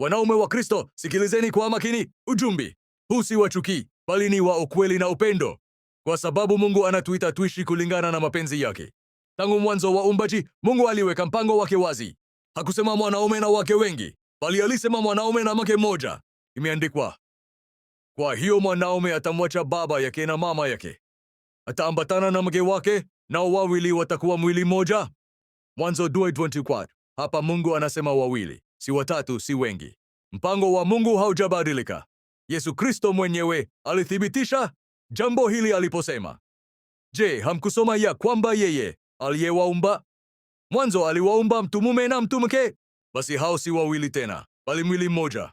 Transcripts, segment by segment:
Wanaume wa Kristo, sikilizeni kwa makini ujumbe huu. Si wa bali ni wa ukweli na upendo, kwa sababu Mungu anatuita tuishi kulingana na mapenzi yake. Tangu mwanzo wa uumbaji, Mungu aliweka mpango wake wazi. Hakusema mwanaume na wake wengi, bali alisema mwanaume na mke mmoja. Imeandikwa, kwa hiyo mwanaume atamwacha baba yake na mama yake, ataambatana na mke wake, nao wawili watakuwa mwili mmoja. Mwanzo 2:24. Hapa Mungu anasema wawili si watatu, si wengi. Mpango wa Mungu haujabadilika. Yesu Kristo mwenyewe alithibitisha jambo hili aliposema, Je, hamkusoma ya kwamba yeye aliyewaumba mwanzo aliwaumba mtu mume na mtu mke? Basi hao si wawili tena, bali mwili mmoja.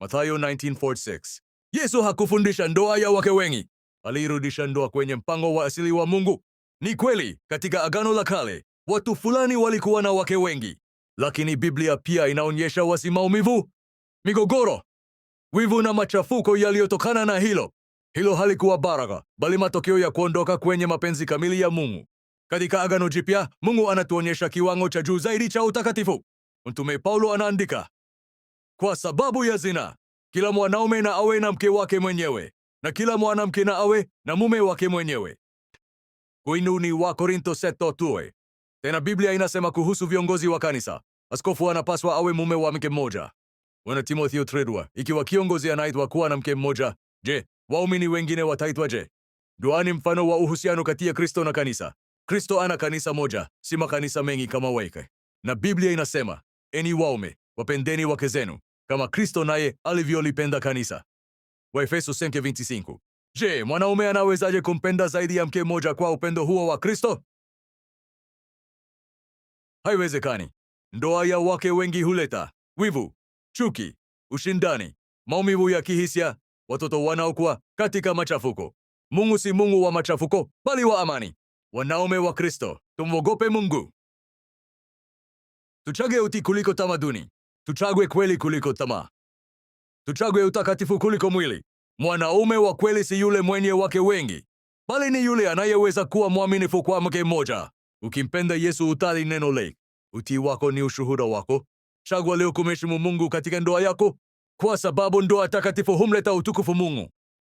Mathayo 19:46. Yesu hakufundisha ndoa ya wake wengi, alirudisha ndoa kwenye mpango wa asili wa Mungu. Ni kweli katika Agano la Kale watu fulani walikuwa na wake wengi, lakini Biblia pia inaonyesha wasi maumivu, migogoro, wivu na machafuko yaliyotokana na hilo. Hilo halikuwa baraka, bali matokeo ya kuondoka kwenye mapenzi kamili ya Mungu. Katika Agano Jipya, Mungu anatuonyesha kiwango cha juu zaidi cha utakatifu. Mtume Paulo anaandika, kwa sababu ya zina, kila mwanaume na awe na mke wake mwenyewe, na kila mwanamke na awe na mume wake mwenyewe. Kuinuni wa Korinto seto tue. Tena Biblia inasema kuhusu viongozi wa kanisa, Askofu anapaswa awe mume wa mke mmoja. Bwana Timotheo Tredwa, ikiwa kiongozi anaitwa kuwa na mke mmoja, je, waumini wengine wataitwa Ndoa ni mfano wa uhusiano kati ya Kristo na kanisa. Kristo ana kanisa moja, si makanisa mengi kama wake, na Biblia inasema eni waume wapendeni wake zenu kama Kristo naye alivyolipenda kanisa. Waefeso 5:25. Je, mwanaume anawezaje kumpenda zaidi ya mke mmoja kwa upendo huo wa Kristo? Haiwezekani. Ndoa ya wake wengi huleta wivu, chuki, ushindani, maumivu ya kihisia, watoto wanaokuwa katika machafuko. Mungu si Mungu wa machafuko, bali wa amani. Wanaume wa Kristo, tumwogope Mungu. Tuchage utii kuliko tamaduni, tuchague kweli kuliko tamaa, tuchague utakatifu kuliko mwili. Mwanaume wa kweli si yule mwenye wake wengi, bali ni yule anayeweza kuwa mwaminifu kwa mke mmoja. Ukimpenda Yesu, utali neno lake. Utii wako ni ushuhuda wako. Chagua leo kumheshimu Mungu katika ndoa yako, kwa sababu ndoa takatifu humleta utukufu Mungu.